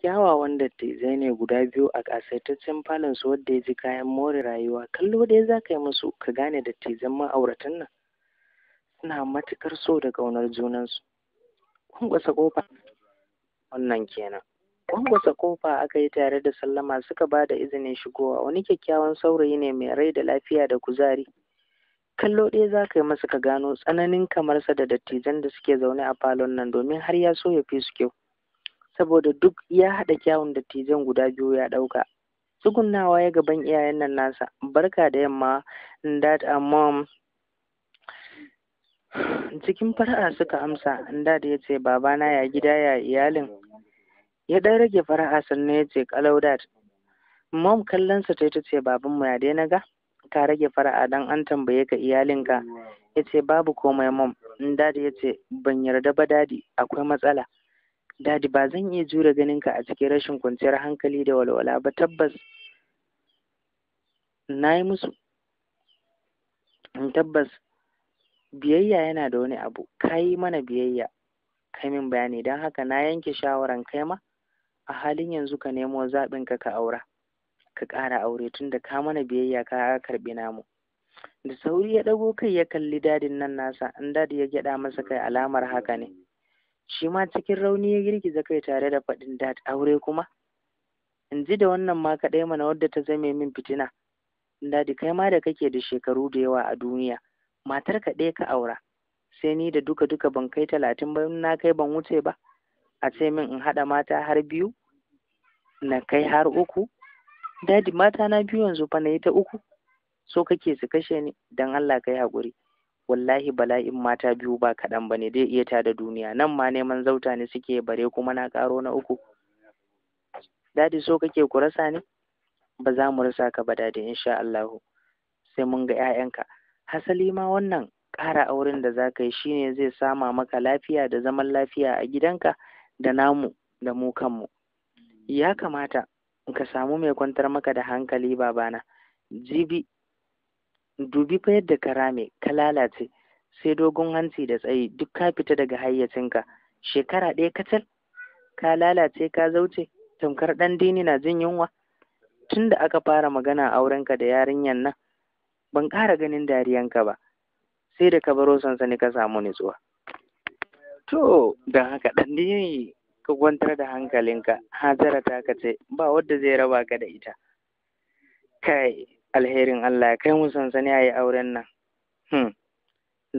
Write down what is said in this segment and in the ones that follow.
kyawawan dattijai ne guda biyu a ƙasaitaccen falon su wanda ya ji kayan more rayuwa kallo ɗaya za ka yi musu ka gane dattijan ma'auratan nan suna matuƙar so da ƙaunar junansu kwankwasa kofa wannan kenan kwankwasa kofa aka yi tare da sallama suka ba da izinin shigowa wani kyakkyawan saurayi ne mai rai da lafiya da kuzari kallo ɗaya za ka yi masa ka gano tsananin kamarsa da dattijan da suke zaune a falon nan domin har ya so ya fi su kyau saboda duk ya haɗa kyawun dattijan guda biyu ya ɗauka tsugunnawa ya gaban iyayen nan nasa barka da yamma dad a mom cikin fara'a suka amsa dad ya ce babana ya gida ya iyalin ya ɗan rage fara'a sannan ya ce kalau dad mom kallonsa ta ta ce babanmu ya daina ga ka rage fara'a dan an tambaye ka iyalinka ya ce babu komai mom dad ya ce ban yarda ba dadi akwai matsala dadi ba zan iya jure ganin ka a cikin rashin kwanciyar hankali da walwala ba tabbas na yi musu in tabbas biyayya yana da wani abu ka yi mana biyayya kai min bayani don haka na yanke shawaran kai ma a halin yanzu ka nemo zaɓin ka ka aura ka ƙara aure tun da ka mana biyayya ka karɓi namu da sauri ya ɗago kai ya kalli dadin nan nasa in dadi ya gyaɗa masa kai alamar haka ne shi ma cikin rauni ya girgiza kai tare da faɗin da aure kuma in ji da wannan ma kaɗai mana wadda ta zame min fitina dadi kai ma da kake da shekaru da yawa a duniya matar ka ɗaya ka aura sai ni da duka duka ban kai talatin ba na kai ban wuce ba a ce min in haɗa mata har biyu na kai har uku dadi mata na biyu yanzu fa na yi ta uku so kake su kashe ni don allah kai haƙuri wallahi bala'in mata biyu ba kaɗan ba ne dai iya ta da duniya nan ma neman zauta ne suke bare kuma na ƙaro na uku dadi so kake ku rasa ne ba za mu rasa ka ba dadi insha Allahu sai mun ga 'ya'yanka hasali ma wannan ƙara auren da za ka yi shine zai sama maka lafiya da zaman lafiya a gidanka da namu da mu kanmu ya kamata ka samu mai kwantar maka da hankali babana jibi dubi fa yadda ka rame ka lalace sai dogon hanci da tsayi duk ka fita daga hayyacinka shekara ɗaya kacal ka lalace ka zauce tamkar ɗan dini na jin yunwa tun da aka fara magana aurenka da yarinyan nan ban ƙara ganin dariyanka ba sai da ka baro sansani ka samu nutsuwa to don haka ɗan dini ka kwantar da hankalinka hajara ta ka ce ba wadda zai raba ka da ita kai alherin Allah ya kai mu sansani a yi auren nan hmm.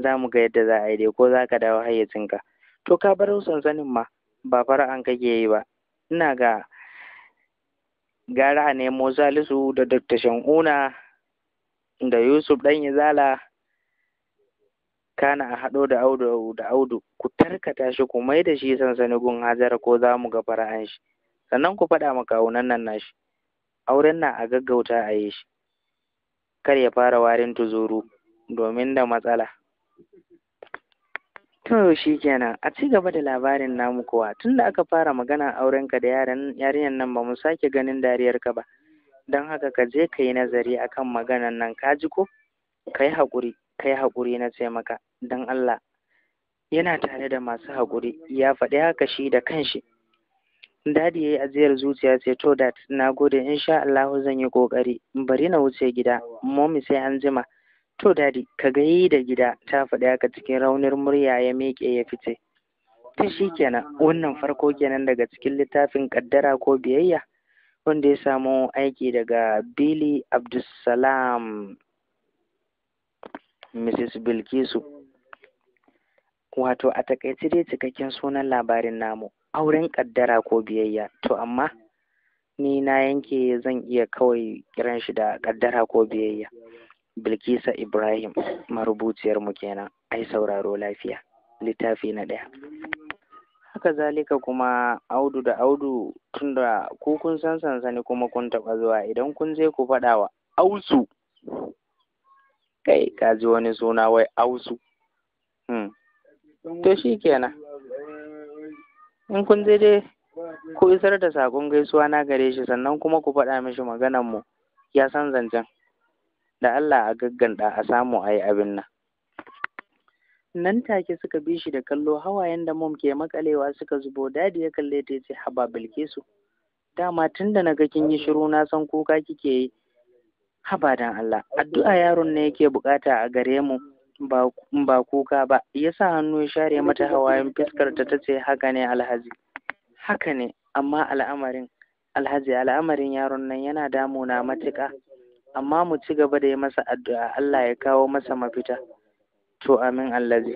za mu ga yadda za a yi dai ko za ka dawo hayyacinka to ka bar sansanin ma ba fara'an kake yi ba ina ga gara a nemo salisu da dr shan'una da yusuf ɗan zala kana a haɗo da audu da audu ku tarkata shi ku mai da shi sansani gun hazara ko za mu ga fara'an shi sannan ku faɗa maka kawunan nan nashi auren na a gaggauta a yi shi kar ya fara warin tuzuru domin da matsala to kenan, a ci gaba da labarin namu kuwa tunda aka fara magana aurenka da yaran yarinyan nan ba mu sake ganin dariyarka ba don haka ka je ka yi nazari akan maganan nan ka ji ko ka yi haƙuri ka yi haƙuri na ce maka don Allah yana tare da masu haƙuri ya faɗi haka shi da kanshi Dadi ya yi ajiyar zuciya ce to that na gode insha Allah zan yi ƙoƙari bari na wuce gida mommy sai an jima to dadi ka gayi da gida ta faɗi haka cikin raunin murya ya miƙe ya fice ta shi kenan wannan farko kenan daga cikin littafin ƙaddara ko biyayya wanda ya samu aiki daga bili Abdulsalam Mrs. Bilkisu wato a takaice dai cikakken sunan labarin namu auren ƙaddara ko biyayya to amma ni na yanke zan iya kawai kiran shi da ƙaddara ko biyayya bilkisa ibrahim marubuciyar mu kenan ai sauraro lafiya littafi na ɗaya haka zalika kuma audu da audu tunda ku kun san sansani kuma kun taɓa zuwa idan kun je ku faɗa wa ausu kai ka ji wani suna wai ausu hmm. to shi kenan in kun je dai ku isar da saƙon gaisuwa na gare shi sannan kuma ku faɗa mishi maganar mu ya san zancen da Allah a gagganda a samu ayi abin nan nan take suka bi shi da kallo hawayen da mom ke makalewa suka zubo dadi ya kalle ta ce haba bilkisu dama tun da na ga kin yi shiru na san kuka kike yi haba dan Allah addu'a yaron ne yake bukata a gare mu ba kuka ba ya sa hannu ya share mata hawayen fiskarta ta ce haka ne alhaji haka ne amma al'amarin alhaji al'amarin yaron nan yana damuna matuka. amma mu ci gaba da yi masa addu'a Allah ya kawo masa mafita to amin allazi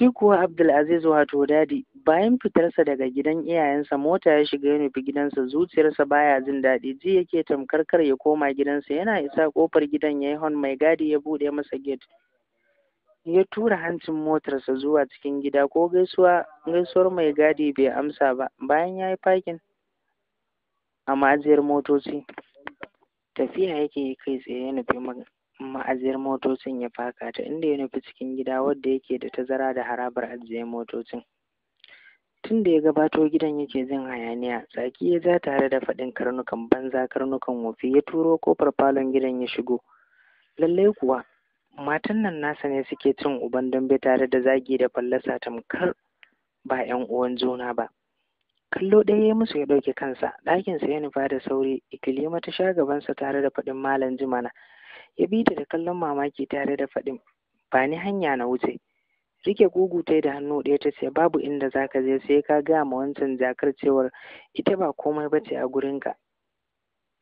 Shi kuwa Abdulaziz wato dadi bayan fitarsa daga gidan iyayensa mota ya shiga ya nufi gidansa zuciyarsa baya jin daɗi ji yake tamkar kar ya koma gidansa yana isa kofar gidan yayi hon mai gadi ya buɗe masa gate ya tura hancin motarsa zuwa cikin gida ko gaisuwa gaisuwar mai gadi bai amsa ba bayan yayi fakin a majiyar motoci tafiya yake yi kai tsaye ya nufi ma'ajiyar motocin ya faka ta inda ya nufi cikin gida wadda yake da tazara da harabar ajiyar motocin tun da ya gabato gidan yake jin hayaniya tsaki ya ja tare da faɗin karnukan banza karnukan wofi ya turo kofar falon gidan ya shigo lallai kuwa matan nan nasa ne suke cin uban dambe tare da zagi da fallasa tamkar ba yan uwan juna ba kallo ɗaya ya musu ya ɗauke kansa ɗakinsa ya nufa da sauri ikilima ta sha gabansa tare da faɗin malam jimana ya bi ta da kallon mamaki tare da faɗin ba ni hanya na wuce rike gugu ta da hannu ɗaya ta ce babu inda za ka je sai ka gaya ma wancan jakar cewar ita ba komai ba ce a gurinka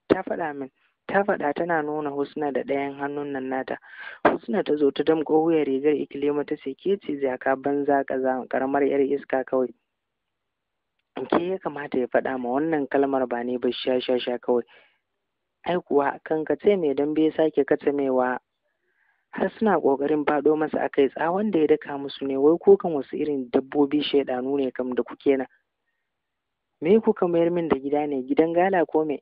ta faɗa min ta faɗa tana nuna husna da ɗayan hannun nan nata husna ta zo ta damƙo wuyar rigar ikilema ta ce ke ce jaka banza kaza karamar yar iska kawai ke ya kamata ya faɗa ma wannan kalmar ba ne ba sha sha sha kawai ai kuwa kace mai dambe ya sake kacamewa har suna kokarin faɗo masa akai tsawon da ya daka musu ne wai ko kan wasu irin dabbobi shaidanu ne kam da kuke na me kuka mayar min da gida ne gidan gala ko me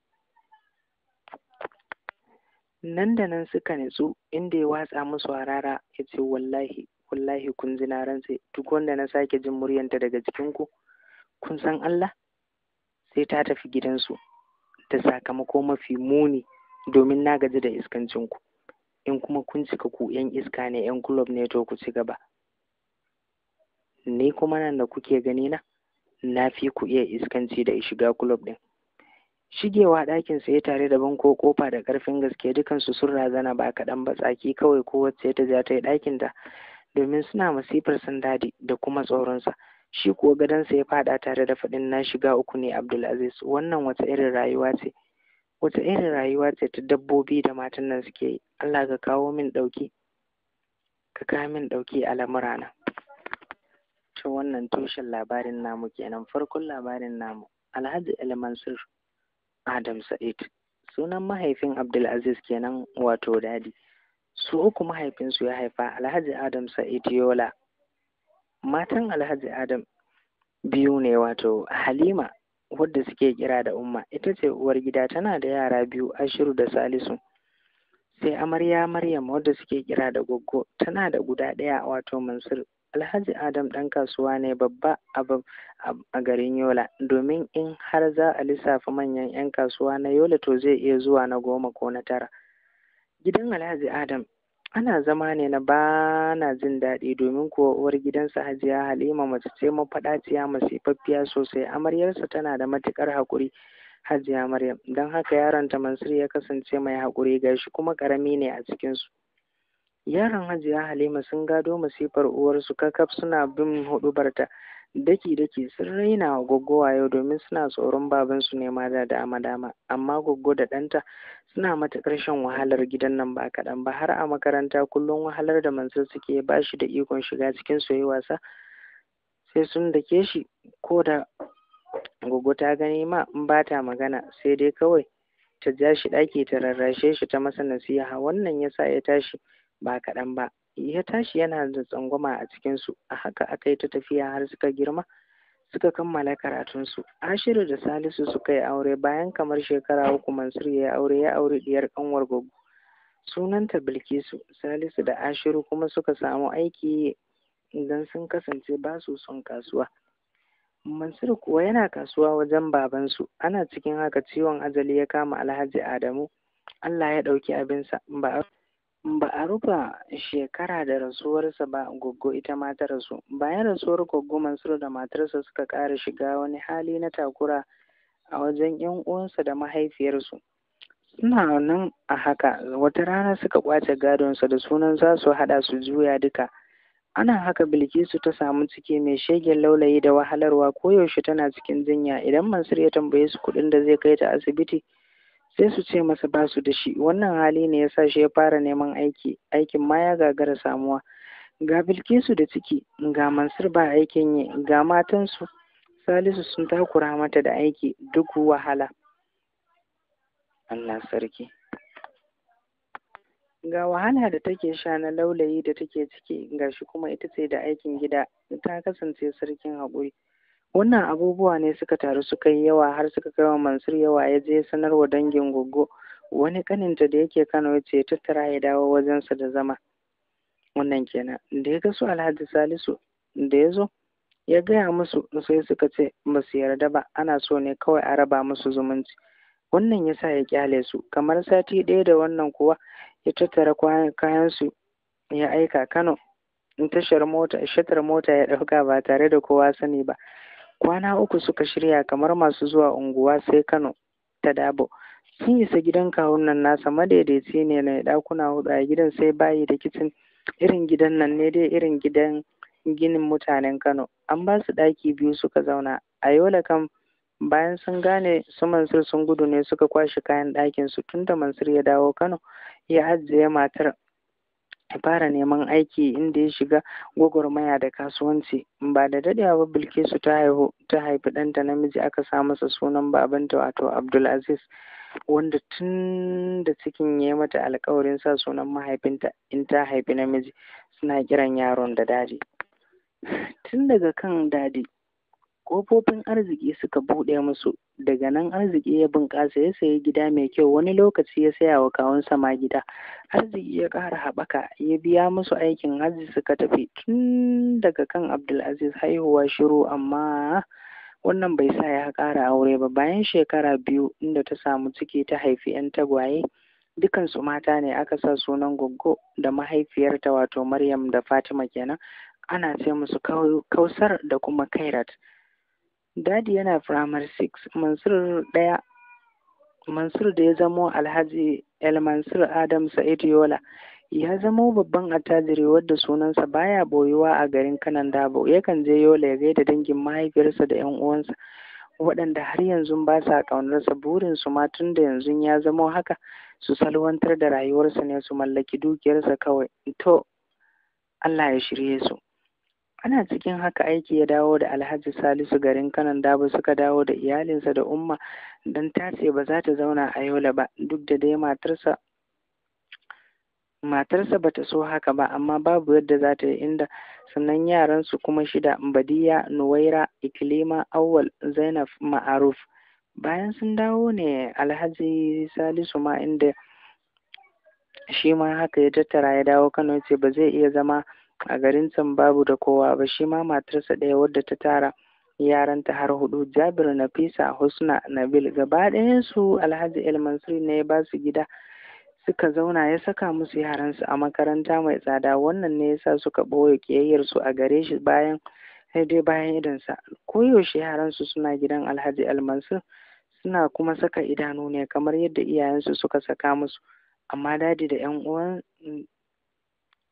nan da nan suka nitsu inda ya watsa musu harara ya ce wallahi wallahi kun ji na rantse duk wanda na sake jin muryanta daga ku. kun san Allah sai ta tafi gidansu da sakamako mafi muni domin na gaji da iskancinku in kuma kun cika ku 'yan iska ne 'yan kulob ne to ku ci gaba ni kuma nan da kuke gani na na fi ku iya iskanci da shiga kulob ɗin shigewa ɗakin sai tare da banko kofa da ƙarfin gaske dukansu sun razana ba kaɗan ba tsaki kawai kowacce ta ja ta yi ta domin suna masifar sun dadi da kuma tsoronsa shi ko gadansa ya faɗa tare da faɗin na shiga uku ne Abdulaziz wannan wata irin rayuwa ce wata irin rayuwa ce ta dabbobi da matan nan suke yi Allah ka kawo min ɗauki ka kawo min ɗauki a lamurana to wannan tushen labarin namu kenan farkon labarin namu Alhaji El Mansur Adam Sa'id sunan mahaifin Abdulaziz kenan wato dadi su uku mahaifinsu ya haifa Alhaji Adam Sa'id Yola matan alhaji adam biyu ne wato halima wadda suke kira da umma ita ce uwar gida tana da yara biyu ashiru da salisu sai amarya maryam wadda suke kira da goggo tana da guda ɗaya wato mansur alhaji adam ɗan kasuwa ne babba a garin yola domin in har za a lissafa manyan 'yan kasuwa na yola to zai iya zuwa na goma ko na tara gidan alhaji adam Ana zama ne na ba na jin daɗi domin kuwa uwar gidansa Hajiya Halima mace ce mafaɗaciya masifaffiya sosai. Amaryarsa tana da matuƙar haƙuri Hajiya Maryam. Don haka yaronta Mansur ya kasance mai haƙuri gashi kuma ƙarami ne a cikinsu. Yaron Hajiya Halima sun gado masifar uwarsu kakaf suna bin huɗubarta. daki-daki sun raina wa Goggo wayo domin suna tsoron babansu ne ma da dama-dama, amma Goggo da ɗanta suna matuƙar shan wahalar gidan nan ba kaɗan ba har a makaranta kullum wahalar da mansa suke ba shi da ikon shiga cikin su wasa sai sun dake shi ko da Goggo ta gani ma in ba ta magana sai dai kawai ta ja shi ɗaki ta rarrashe shi ta masa nasiha wannan ya sa ya tashi ba kaɗan ba ya tashi yana da tsangwama a cikinsu a haka aka yi ta tafiya har suka girma suka kammala karatunsu ashiru da salisu suka yi aure bayan kamar shekara uku mansur ya yi aure ya aure ɗiyar kanwar gogo sunanta bilkisu salisu da ashiru kuma suka samu aiki idan sun kasance ba su son kasuwa mansur kuwa yana kasuwa wajen babansu ana cikin haka ciwon ajali ya kama alhaji adamu allah ya ɗauki abinsa ba ba a rufe shekara da rasuwarsa ba goggo ita ma ta rasu bayan rasuwar goggo mansur da matarsa suka ƙara shiga wani hali na takura a wajen yan uwansa da mahaifiyarsu suna nan a haka wata rana suka kwace gadonsa da sunan za su haɗa su juya duka ana haka bilkisu ta samu ciki mai shegen laulayi da wahalarwa koyaushe tana cikin jinya idan mansur ya tambaye su kuɗin da zai kai ta asibiti sai su ce masa ba su da shi wannan hali ne ya sa shi ya fara neman aiki aikin ma ya gagara samuwa ga bilkisu da ciki ga mansur ba aikin yi ga matansu salisu sun takura mata da aiki duk wahala allah sarki ga wahala da take sha na laulayi da take ciki ga shi kuma ita ce da aikin gida ta kasance sarkin haƙuri wannan abubuwa ne suka taru suka yi yawa har suka kai wa mansur yawa ya je wa dangin goggo wani kaninta da yake kano ya ce tattara ya dawo wajensa da zama wannan kenan da ya ga su alhaji salisu da ya zo ya gaya musu sai suka ce ba su yarda ba ana so ne kawai a raba musu zumunci wannan ya sa ya kyale su kamar sati ɗaya da wannan kuwa ya tattara kayansu ya aika kano tashar mota shatar mota ya ɗauka ba tare da kowa sani ba kwana uku suka shirya kamar masu zuwa unguwa sai kano ta dabo sun isa gidan kawun nasa madaidaici ne na dakuna hudu a gidan sai bayi da kicin irin gidan nan ne dai irin gidan ginin mutanen kano an ba su ɗaki biyu suka zauna a yola kam bayan sun gane su mansur sun gudu ne suka kwashe kayan ɗakinsu, su tunda mansur ya dawo kano ya ajiye matar ya fara neman aiki inda ya shiga gwagwarmaya da kasuwanci ba da dadewa bilkisu ta haihu ta haifi ɗanta namiji aka sa masa sunan babanta wato abdulaziz wanda tun da cikin ya mata alkawarin sa sunan mahaifinta in ta haifi namiji suna kiran yaron da dadi tun daga kan dadi kofofin arziki suka buɗe musu daga nan arziki ya bunƙasa ya sayi gida mai kyau wani lokaci ya saya wa kawunsa ma gida arziki ya ƙara haɓaka ya biya musu aikin hajji suka tafi tun daga kan abdulaziz haihuwa shiru amma wannan bai sa ya ƙara aure ba bayan shekara biyu inda ta samu ciki ta haifi 'yan tagwaye dukansu mata ne aka sa sunan goggo da mahaifiyarta wato maryam da fatima kenan ana ce musu kausar da kuma kairat dadi yana firamare 6 mansur ɗaya, mansur da ya zamo alhaji el mansur adam sa'id yola ya zamo babban attajiri wadda sunansa baya boyuwa a garin kanan dabo yakan je yola ya gaida dangin mahaifiyarsa da yan uwansa waɗanda har yanzu ba sa ƙaunarsa burinsu ma tun da yanzu ya zamo haka su salwantar da rayuwarsa ne su mallaki dukiyarsa kawai to Allah ya shirye su ana cikin haka aiki ya dawo da alhaji salisu garin kanan dabo suka dawo da iyalinsa da umma don tace ba za ta zauna a yola ba duk da dai matarsa matarsa bata so haka ba amma babu yadda za ta yi inda sannan yaransu kuma shida badiya nuwaira ikilima awwal zainab ma'aruf bayan sun dawo ne alhaji salisu ma inda shi ma haka ya tattara ya dawo kano ce ba zai iya zama a garin can babu da kowa ba shi ma matarsa ɗaya wadda ta tara yaranta har hudu jabir nafisa husna nabil gaba ɗayansu alhaji el ne ya ba su gida suka zauna ya saka musu yaransu a makaranta mai tsada wannan ne yasa suka ɓoye ƙiyayyarsu a gare shi bayan dai bayan idansa koyaushe yaransu suna gidan alhaji almansur suna kuma saka idanu ne kamar yadda iyayensu suka saka musu amma dadi da yan uwan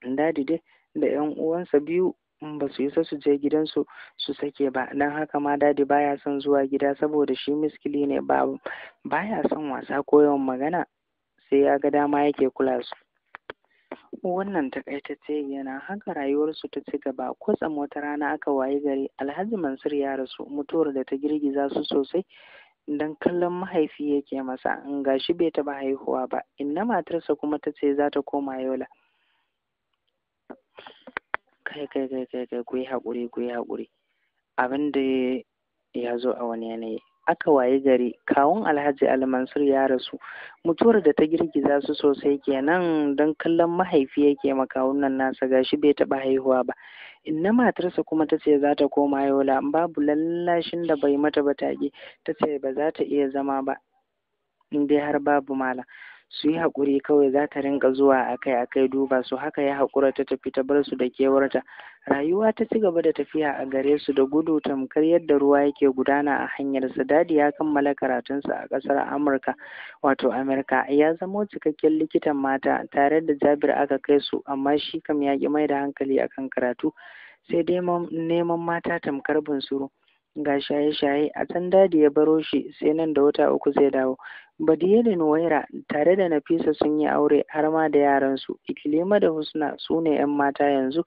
dadi dai da yan uwansa biyu ba su isa su je gidansu su sake ba don haka ma dadi baya son zuwa gida saboda shi miskili ne ba baya son wasa ko yawan magana sai ya ga dama yake kula su wannan takaitacce yana haka rayuwarsu ta ci gaba kwatsam wata rana aka waye gari alhaji mansur ya rasu mutuwar da ta girgiza su sosai dan kallon mahaifi yake masa in gashi bai taba haihuwa ba inna matarsa kuma ta ce za ta koma yola kai kai kai kai kai ku yi haƙuri ku yi haƙuri abin da ya zo a wani yanayi aka waye gari kawun alhaji almansur ya rasu mutuwar da ta girgiza su sosai kenan don kallon mahaifi yake makawun nan nasa gashi bai taɓa haihuwa ba inna matarsa kuma ta ce za ta koma yola babu lallashin da bai mata ba ta ce ba za ta iya zama ba in dai har babu malam su yi haƙuri kawai za ta rinka zuwa akai akai duba su haka ya haƙura ta tafi ta bar su da kewarta rayuwa ta ci gaba da tafiya a gare su da gudu tamkar yadda ruwa yake gudana a hanyar sa dadi ya kammala karatunsa a ƙasar amurka wato amerika ya zamo cikakken likitan mata tare da jabir aka kai su amma shi kam ya ƙi mai da hankali akan karatu sai dai neman mata tamkar bunsuru ga shaye-shaye a can dadi ya baro shi sai nan da wata uku zai dawo badiye da nuwaira tare da nafisa sun yi aure har ma da yaransu ikilima da husna su ne yan mata yanzu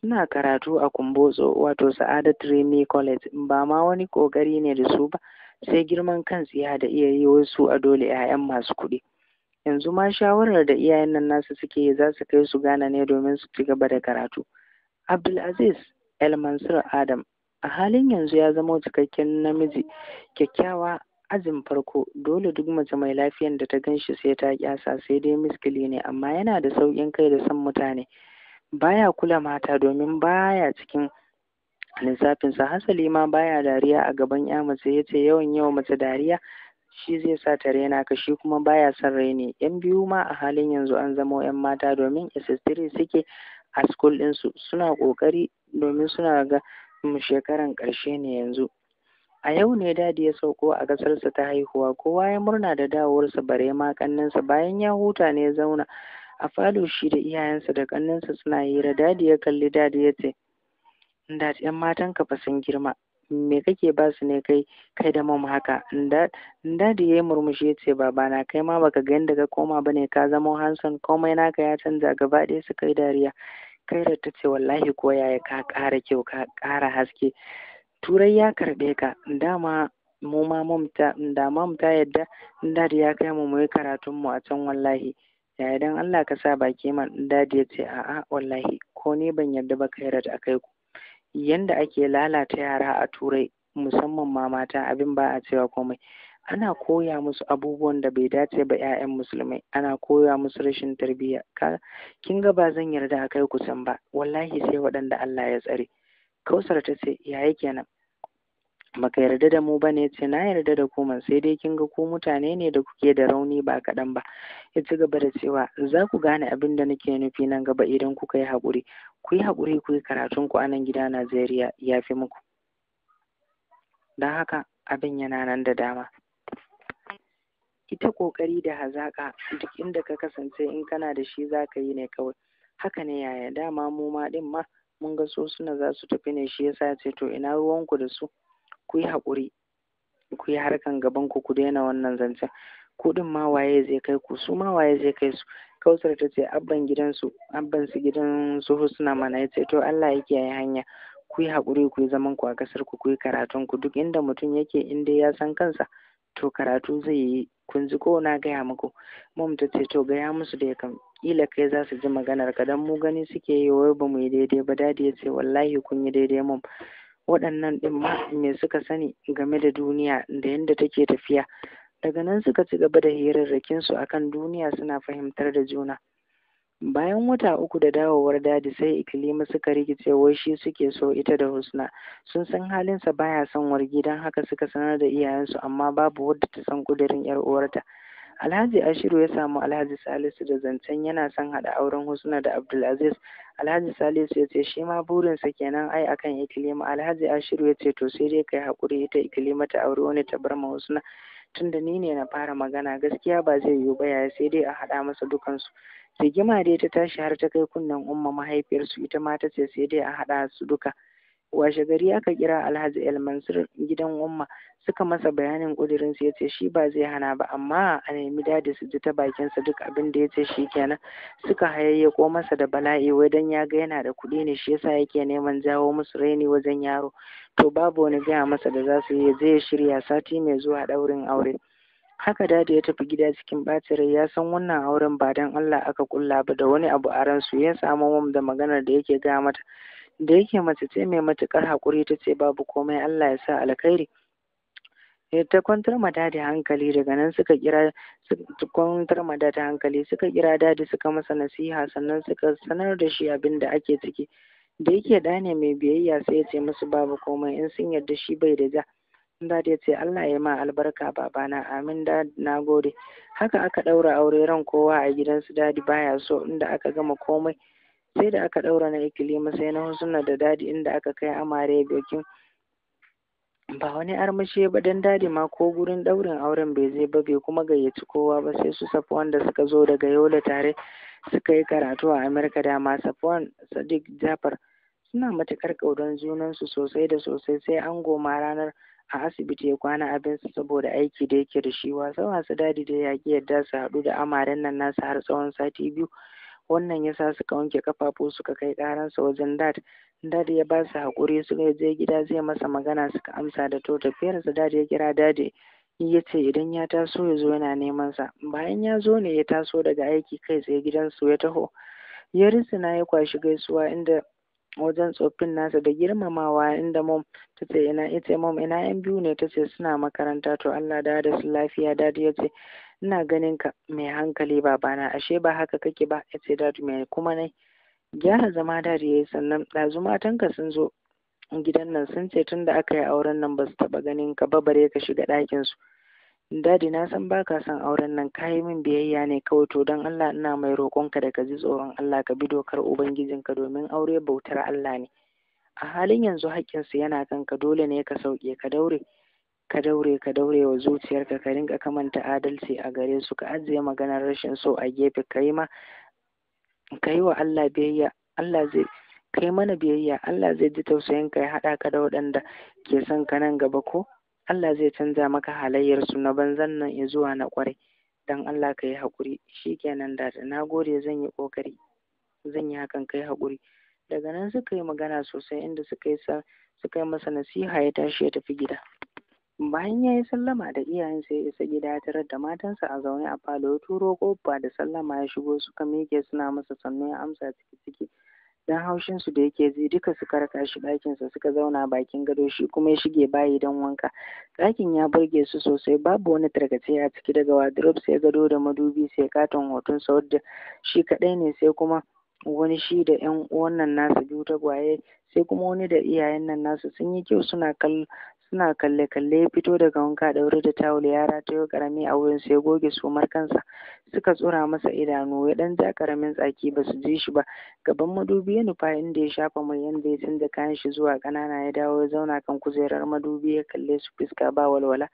suna karatu a kumbotso wato sa'adat remi college ba ma wani kokari ne da su ba sai girman kan tsiya da iya yi wasu a dole 'ya'yan masu kuɗi yanzu ma shawarar da iyayen nan nasu suke za su kai su gana ne domin su ci gaba da karatu abdulaziz el mansur adam a halin yanzu ya zama cikakken namiji kyakkyawa ajin farko dole duk mace mai lafiyan da ta ganshi sai ta kyasa sai dai miskili ne amma yana da sauƙin kai da san mutane baya kula mata domin baya cikin lissafinsa hasali ma baya dariya a gaban ya mace ya yawan yawan mace dariya shi zai sa ta raina ka shi kuma baya son raini yan biyu ma a halin yanzu an zama yan mata domin ss3 suke a school ɗinsu suna ƙoƙari domin suna ga mu shekaran ƙarshe ne yanzu a yau ne dadi ya sauko a ƙasarsa ta haihuwa kowa ya murna da dawowarsa bare ma ƙannensa bayan ya huta ne ya zauna a falo shi da iyayensa da ƙannensa suna hira dadi ya kalli dadi ya ce dad yan matan ka fa sun girma me kake ba su ne kai kai da mom haka dadi ya yi murmushi ya ce babana kai ma baka ga yadda ka koma ba ne. ka zama hanson komai naka ya canza gaba ɗaya su kai dariya Kairat ta ce wallahi ko yaya ka ƙara kyau ka ƙara haske. Turai ya karɓe ka dama mu ma mamta da mamta yadda dadi ya kai mu muyi karatun mu a can wallahi. Yaya dan Allah ka sa baki man dadi ya ce a'a wallahi ko ne ban yarda ba Kairat a kai ku. Yanda ake lalata yara a Turai musamman ma mata abin ba a cewa komai. ana koya musu abubuwan da bai dace ba 'ya'yan musulmai ana koya musu rashin tarbiyya kin ga ba zan yarda a kai kusan ba wallahi sai waɗanda Allah ya tsare kausar ta ce ya yi kenan baka yarda da mu ba ne, ce na yarda da kuma sai dai kin ga ku mutane ne da kuke da rauni ba kaɗan ba ya ci gaba da cewa za ku gane abin da nake nufi nan gaba idan kuka yi haƙuri ku yi haƙuri ku yi karatun ku a nan gida Najeriya ya fi muku don haka abin yana nan da dama ita ta ƙoƙari da hazaƙa duk inda ka kasance in kana da shi za ka yi ne kawai haka ne yaya dama mu ma ɗin ma mun ga so suna za su tafi ne shi yasa ce to ina ruwanku da su ku yi haƙuri ku yi harkan gaban ku ku daina wannan zancen ku ɗin ma waye zai kai ku su ma waye zai kai su kausar ta ce abban gidansu abban su gidan su husna mana ya ce to Allah ya kiyaye hanya ku yi haƙuri ku yi zaman ku a ƙasar ku ku yi karatun ku duk inda mutum yake in dai ya san kansa to karatu zai yi kun ji ko na gaya muku mom ta ce to gaya musu da kam kila kai za su ji maganar ka dan mu gani suke yi wai ba mu yi daidai ba dadi ya ce wallahi kun yi daidai mum. waɗannan din ma me suka sani game da duniya da yadda take tafiya daga nan suka ci gaba da hirarrakin su akan duniya suna fahimtar da juna bayan wata uku da dawowar daji sai ikilima suka rikice wai shi suke so ita da husna sun san halinsa baya son wargi don haka suka sanar da iyayensu amma babu wadda ta san kudirin yar uwarta alhaji ashiru ya samu alhaji salisu da zancen yana son haɗa auren husna da abdulaziz alhaji salisu ya ce shi ma burinsa kenan ai akan ikilima alhaji ashiru ya ce to sai dai kai hakuri ita ikilima ta aure wani ta bar ma husna tunda ni ne na fara magana gaskiya ba zai yiwu ba yaya sai dai a haɗa masa dukansu rigima dai ta tashi har ta kai kunnen umma mahaifiyarsu ita ma ta sai dai a haɗa su duka washe gari aka kira alhaji el mansur gidan umma suka masa bayanin ƙudurin su ce shi ba zai hana ba amma a nemi dadi su ji ta bakin sa duk abin da yace shi kenan suka hayayyako masa da bala'i wai dan ya ga yana da kuɗi ne shi yasa yake neman jawo musu raini wajen yaro to babu wani gaya masa da za su yi zai shirya sati mai zuwa ɗaurin aure haka dadi ya tafi gida cikin batirai, rai ya san wannan auren ba dan Allah aka kulla ba da wani abu a su ya samu mum da maganar da yake ga mata da yake mace ce mai matukar hakuri ta ce babu komai Allah ya sa alkhairi eh, ta kwantar ma dadi hankali daga nan suka kira kwantar ma dadi hankali suka kira dadi suka masa nasiha sannan suka sanar da shi abin da ake ciki da yake da ne mai biyayya sai ya ce musu babu komai in sun yarda shi bai da ja dad ya ce Allah ya ma albarka babana amin da na gode haka aka ɗaura aure ran kowa a gidansu dadi baya so inda aka gama komai sai da aka ɗaura na ikilima sai na husna da dadi inda aka kai amare bikin ba wani armashi ba dan dadi ma ko gurin ɗaurin auren bai zai ba bai kuma gayyaci kowa ba sai su safwan da suka zo daga yola tare suka yi karatu a amurka ma safwan sadiq jafar suna matuƙar kaudan junansu sosai da sosai sai an goma ranar a asibiti ya kwana abin su saboda aiki da yake da shi wasa wasa dadi da ya yadda su haɗu da amaren nan nasa har tsawon sati biyu wannan ya sa suka wanke kafafu suka kai ƙaransa wajen dad dad ya ba su haƙuri su ga je gida zai masa magana suka amsa da to su dad ya kira dadi ya ce idan ya taso ya zo yana neman sa bayan ya zo ne ya taso daga aiki kai tsaye gidansu ya taho ya risina ya kwashi gaisuwa inda wajen tsoffin nasa da girmamawa inda mom ta ce ina ita mom ina yan biyu ne ta ce suna makaranta to Allah da da su lafiya dadi ya ce ina ganin ka mai hankali babana ashe ba haka kake ba ya ce dadi mai kuma ne gyara zama dadi ya yi sannan ɗazu matanka sun zo gidan nan sun ce tun da aka yi auren nan ba su taɓa ganin ka ba bare ka shiga ɗakin su dadi na san baka son auren nan Ka yi min biyayya ne kawai to don Allah ina mai roƙonka da ka ji tsoron Allah ka bi dokar ubangijinka domin aure bautar Allah ne a halin yanzu haƙƙinsu yana kan ka, dole ne ka sauke ka daure ka daure ka daure wa zuciyarka ka rinka kamanta adalci a gare su ka ajiye maganar rashin so a gefe ka yi ma ka yi wa Allah biyayya Allah zai kai mana biyayya Allah zai ji tausayin ka ya haɗa ka da waɗanda ke son ka nan gaba ko Allah zai canza maka halayyar su na banzan nan zuwa na ƙwarai don Allah ka yi haƙuri 'Shi nan da na gode zan yi ƙoƙari zan yi hakan kai haƙuri daga nan suka yi magana sosai inda suka yi suka yi masa nasiha ya tashi ya tafi gida bayan ya yi sallama da iyayensa ya isa gida ya tarar da matansa a zaune a falo ya turo kofa da sallama ya shigo suka miƙe suna masa sannu ya amsa ciki ciki dan su da yake ji duka suka raka shi ɗakinsa suka zauna bakin gado shi kuma ya shige bayi don wanka ɗakin ya burge su sosai babu wani targace a ciki daga wardrobe sai gado da madubi sai katon hoton sa wadda shi kaɗai ne sai kuma wani shi da 'yan uwan nan nasu biyu tagwaye sai kuma wani da iyayen nan nasu sun yi kyau suna kallo. suna kalle-kalle ya fito daga wanka ɗaure da tawul ya ratayo ƙarami a wurin, ya goge sumar kansa suka tsura masa idanu ya ɗan ja ƙaramin tsaki ba su ji shi ba gaban madubi ya nufa inda ya shafa mai yanda ya canza kayan shi zuwa ƙanana ya dawo ya zauna kan kujerar madubi ya kalle su fuska ba walwala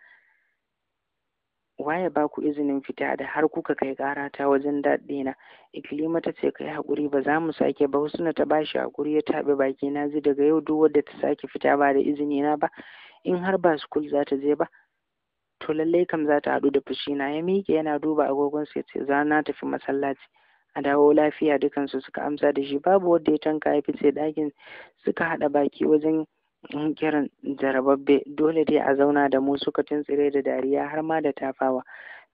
waye ba ku izinin fita da har kuka kai ƙara ta wajen daɗina iklima ta ce kai hakuri, ba za mu sake ba husna ta bashi haƙuri ya taɓe baki na ji daga yau duk wadda ta sake fita ba da izini na ba in har ba school za ta je ba to lallai kam za ta haɗu da fushi na. ya miƙe yana duba agogonsa ya ce za na tafi masallaci a dawo lafiya dukansu suka amsa da shi babu wanda ya tanka ya fice ɗakin suka haɗa baki wajen kiran jarababbe dole dai a zauna da mu suka tuntsire da dariya har ma da tafawa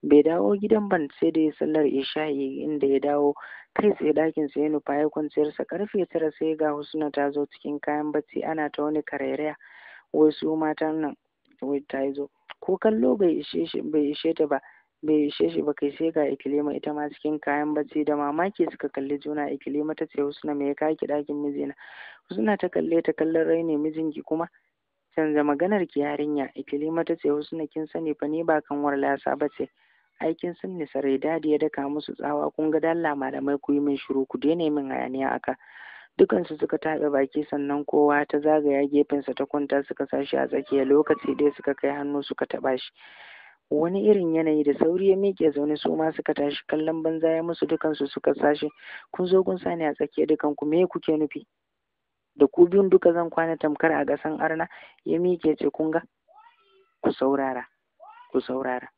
bai dawo gidan ban sai da ya sallar isha'i inda ya dawo kai tsaye dakin sa ya nufa ya kwanciyarsa karfe tara sai ga husna ta zo cikin kayan bacci ana ta wani karairaya wasu matan nan wai ta zo ko kallo bai ishe shi bai ishe ta ba bai ishe shi ba kai sai ga ikilima ita ma cikin kayan bacci da mamaki suka kalli juna ikilima ta ce husna me ya kaki ɗakin mijina husna ta kalle ta kallon raini mijinki kuma canza maganar ki yarinya ikilima ta ce husna kin sani fa ni ba kanwar lasa ba ce ai kin san sarai dadi ya daka musu tsawa kun ga dalla malamai ku yi min shiru ku daina min hayaniya aka dukansu suka taɓa baki sannan kowa ta zagaya gefensa ta kwanta suka sa shi a tsakiya lokaci dai suka kai hannu suka taɓa shi wani irin yanayi da sauri ya miƙe zaune su ma suka tashi kallon banza ya musu dukansu suka shi kun zo kun sani a tsakiya dukanku me kuke nufi da ku biyun duka zan kwana tamkar a gasan arna ya miƙe ce kun ga ku saurara ku saurara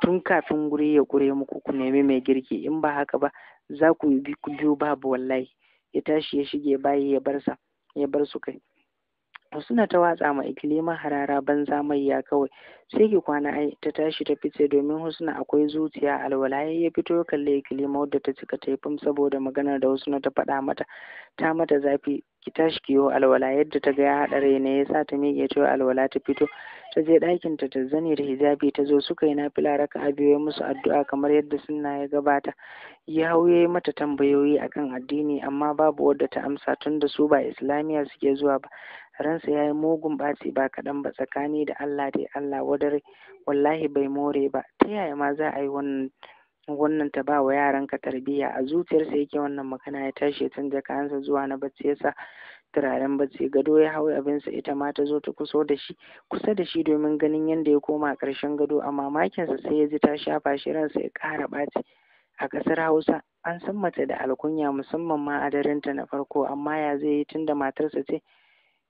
tun kafin guri ya kure muku ku nemi mai girki in ba haka ba za ku biyu babu wallahi ya tashi ya shige bayi ya bar sa ya bar su kai na ta watsa ma ikilima harara banza mayya kawai sai ki kwana ai ta tashi ta fice domin husna akwai zuciya alwala ya fito kalle ikilima wadda ta cika taifin saboda maganar da na ta faɗa mata ta mata zafi ki tashi ki alwala yadda ta ga ya haɗa rai ne yasa ta miƙe ta alwala ta fito ta je ɗakin ta ta zane da hijabi ta zo suka yi nafila raka a musu addu'a kamar yadda sunna ya gabata ya hau ya mata tambayoyi akan addini amma babu wadda ta amsa tunda su ba islamiyya suke zuwa ba ransa ya yi mugun ɓaci ba kaɗan ba tsakani da Allah dai Allah wadare wallahi bai more ba ta yaya ma za a yi wannan ta ba wa yaran ka tarbiyya a zuciyarsa yake wannan magana ya tashi tun da kansa zuwa na bacci yasa turaren bacci gado ya hau abinsa ita ma ta zo ta kuso da shi kusa da shi domin ganin yadda ya koma a ƙarshen gado a mamakinsa sai ya ji ta shafa shi ransa ya kara ɓaci a ƙasar hausa an san mace da alkunya musamman ma a darenta na farko amma ya zai yi tunda matarsa ce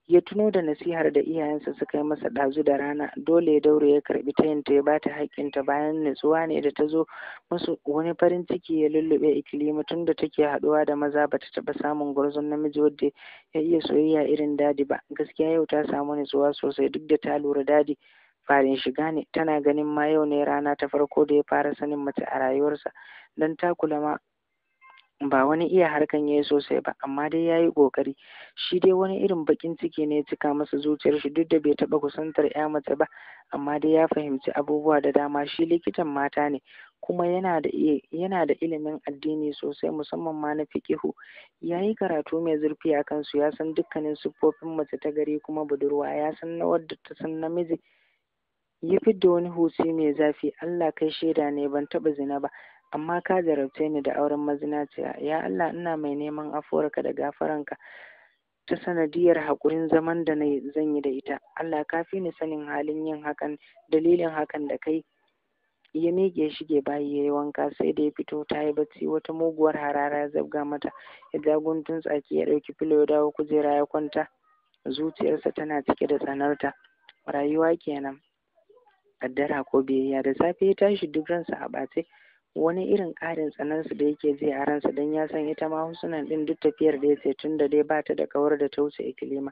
ya tuno da nasihar da iyayensa suka yi masa ɗazu da rana dole ya daure ya karɓi yin ta ya bata haƙƙinta bayan nutsuwa ne da ta zo musu wani farin ciki ya lullube ikilima tun da take haɗuwa da maza ba ta taɓa samun gwarzon namiji wadda ya iya soyayya irin dadi ba gaskiya yau ta samu natsuwa sosai duk da ta lura dadi farin shiga ne tana ganin ma yau ne rana ta farko da ya fara sanin mace a rayuwarsa don ta kula ma ba wani iya harkan yayi sosai ba amma dai ya yi kokari shi dai wani irin bakin ciki ne ya cika masa zuciyar shi duk da bai taba kusantar ya mace ba amma dai ya fahimci abubuwa da dama shi likitan mata ne kuma yana da ilimin addini sosai musamman ma na fiqihu yi karatu mai zurfi a kansu ya san dukkanin siffofin mace ta gari kuma budurwa ya san na wadda ta san namiji ya fidda wani husi mai zafi Allah kai shaida ne ban taba zina ba amma ka jarabce ni da auren mazinaciya ya Allah ina mai neman afuwarka da gafaranka ta sanadiyar haƙurin zaman da na zan yi da ita Allah ka fi ni sanin halin yin hakan dalilin hakan da kai ya miƙe shige bayi ya yi wanka sai da ya fito ta yi bacci wata muguwar harara ya zabga mata ya ja guntun tsaki ya ɗauki filo ya dawo kujera ya kwanta zuciyarsa tana cike da tsanarta rayuwa kenan addara ko biyayya da safe ya tashi duk ransa a ɓace wani irin ƙarin tsanansu da yake ji a ransa don ya san ita ma husnan ɗin duk tafiyar da ya ce tun da dai ba ta da kawar da ta wuce ikilima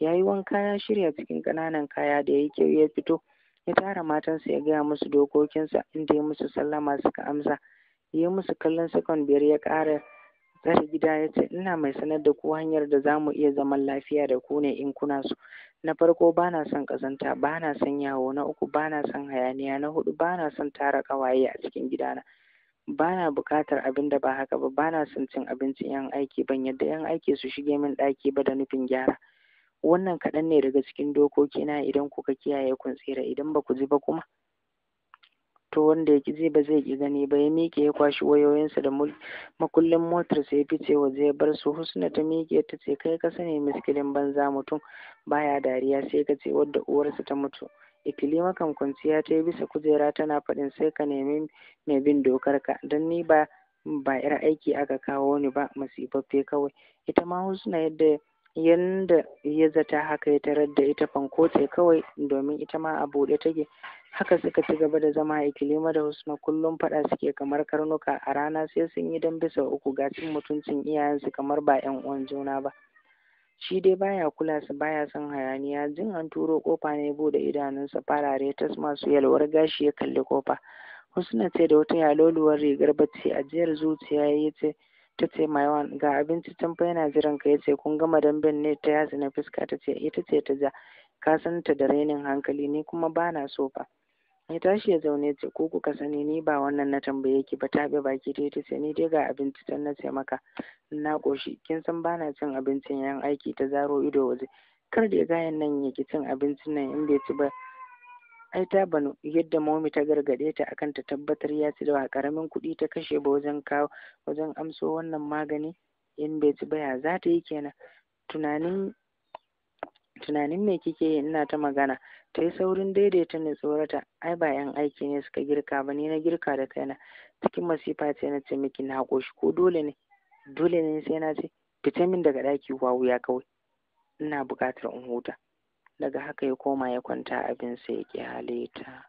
ya yi wanka ya shirya cikin ƙananan kaya da ya kyau ya fito ya tara matansa ya gaya musu dokokinsa inda ya musu sallama suka amsa ya musu kallon sakon biyar ya ƙara tsare gida ya ce ina mai sanar da ku hanyar da za mu iya zaman lafiya da ku ne in kuna so na farko bana son ƙazanta bana son yawo na uku bana son hayaniya na hudu bana son tara ƙawaye a cikin gidana bana buƙatar abin da ba haka ba bana son cin abincin yan aiki ban yadda yan aiki su shige min ɗaki ba da nufin gyara wannan kaɗan ne daga cikin dokoki na idan kuka kiyaye kun tsira idan ba ku ji ba kuma fito wanda ya zai ba zai ki gani ba ya miƙe ya kwashi wayoyinsa da makullin motarsa ya fice waje ya bar su husna ta miƙe ta ce kai ka sani miskilin banza mutum baya dariya sai ka ce wadda uwarsa ta mutu ikili kan kwanciya ta yi bisa kujera tana faɗin sai ka nemi mai bin dokar ka don ni ba ba 'yar aiki aka kawo ni ba masifaffe kawai ita ma husna yadda yanda ya zata haka ya tarar da ita fanko kawai domin ita ma a buɗe take haka suka ci gaba da zama a ikilima da husna kullum faɗa suke kamar karnuka a rana sai sun yi dambe sau uku ga cin mutuncin iyayensu kamar ba yan uwan juna ba shi dai baya kula su baya son hayaniya jin an turo kofa ne bude idanunsa farare tas masu yalwar gashi ya kalli kofa husna ce da wata yaloluwar rigar bacci ajiyar zuciya ya ce ta ce Maiwan ga abinci can fa yana jiran ka ya ce kun gama damben ne ta yatsa na fuska ta ce ita ce ta ja ka san ta da rainin hankali ni kuma ba na so fa ya tashi ya zaune ce ko kuka sani ni ba wannan na tambaye ki ba taɓe baki dai ta ce ni dai ga abinci can na ce maka na ƙoshi kin san ba na cin abincin yan aiki ta zaro ido waje kar da gayan nan ya ki cin abincin nan in bai ci ba ai ta banu yadda momi ta gargade ta akan ta tabbatar ya ci da karamin kuɗi ta kashe ba wajen kawo wajen amso wannan magani in bai ci baya za ta yi kenan tunanin tunanin me kike yi ina ta magana ta yi saurin daidaita ne tsorata ai ba yan aiki ne suka girka ba ni na girka da kaina cikin masifa ce na ce miki na koshi ko dole ne dole ne sai na ce fita min daga ɗaki wawu ya kawai ina buƙatar in huta daga haka ya koma ya kwanta abin sa ya ƙyale ta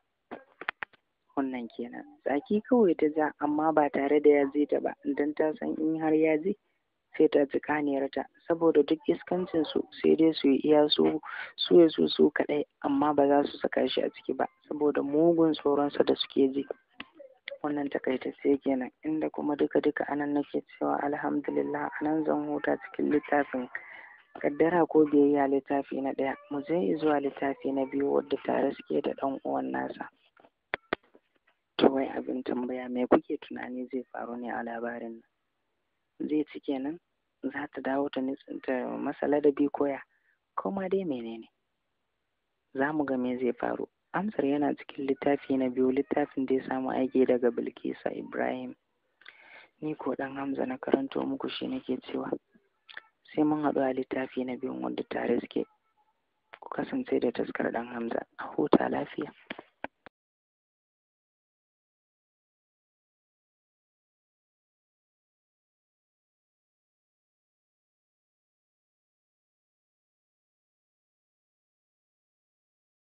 wannan kenan tsaki kawai ta ja amma ba tare da ya je ta ba don ta san in har ya je sai ta ji kaniyarta saboda duk iskancin su sai dai su yi iya su su ya su su kaɗai amma ba za su saka shi a ciki ba saboda mugun tsoron sa da suke ji wannan takaitacce kenan inda kuma duka duka anan nake cewa alhamdulillah anan zan huta cikin littafin kaddara ko biyayya littafi na ɗaya mu je zuwa littafi na biyu wadda tare suke da ɗan uwan nasa to wai abin tambaya me kuke tunani zai faru ne a labarin nan zai ci kenan za ta dawo ta nitsinta da bi koya ko ma dai menene za mu ga me zai faru amsar yana cikin littafi na biyu littafin da ya samu aiki daga bilkisa ibrahim ni ko ɗan hamza na karanto muku shi nake cewa sai mun haɗu a littafi na biyun wanda tare suke ku kasance da taskar ɗan Hamza a huta lafiya.